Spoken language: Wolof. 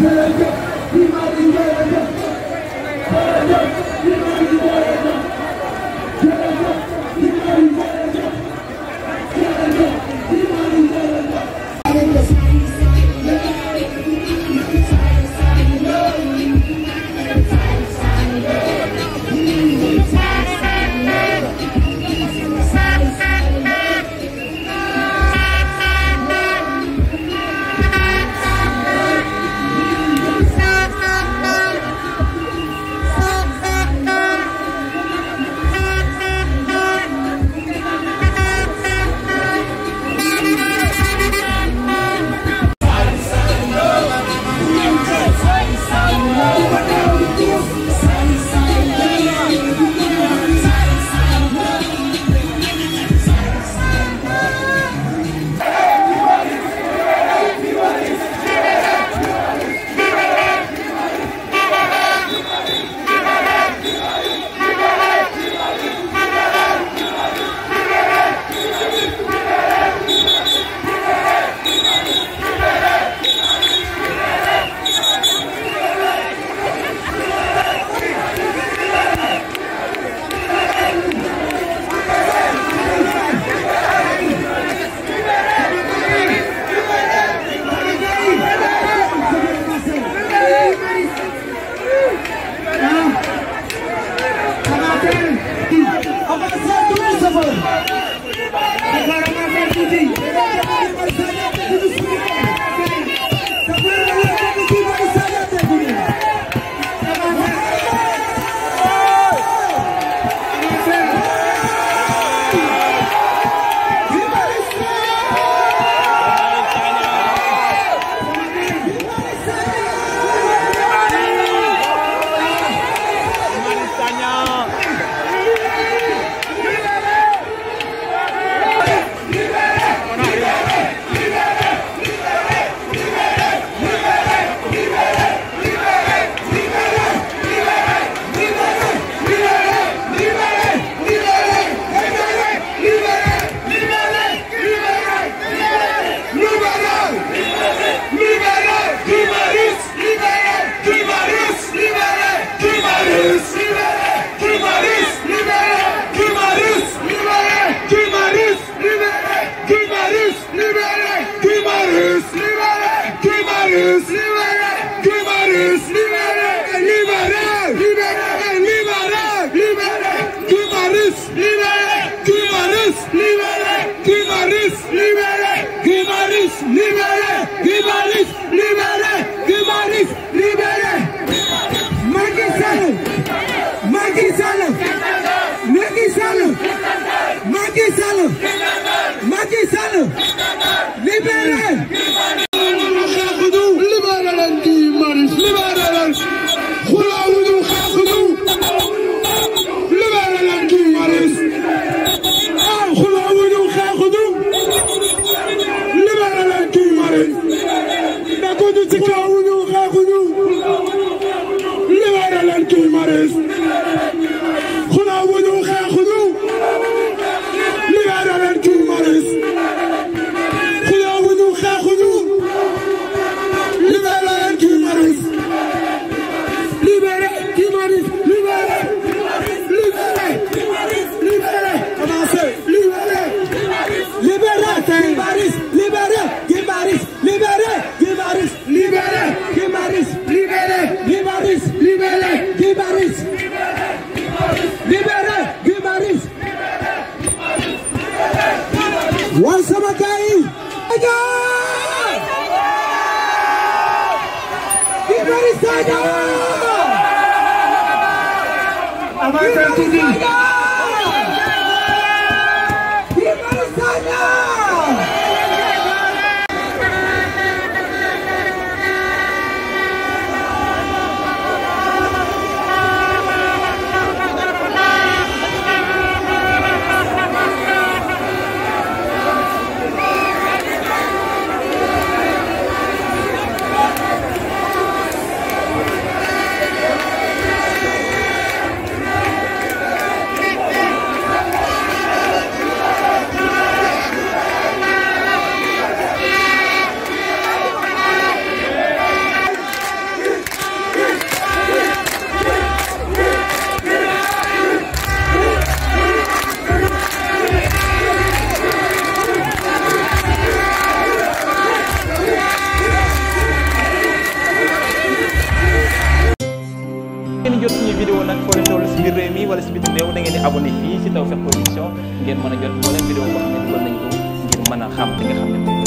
jërëjëf libéré, Guy Marius, libéré, Guy Marius, libéré, Guy Marius, libéré. wan sama gars yi aja Kibari Sadio Avancer tuuti ngeen jot suñu vidéo nag foo leen toll si biir réew mi si biti réew ngeen di abonné fii si Tawfekh Production ngeen mën a jot moo leen vidéo boo xam ne dugal nañ ko ngir mën a xam li xam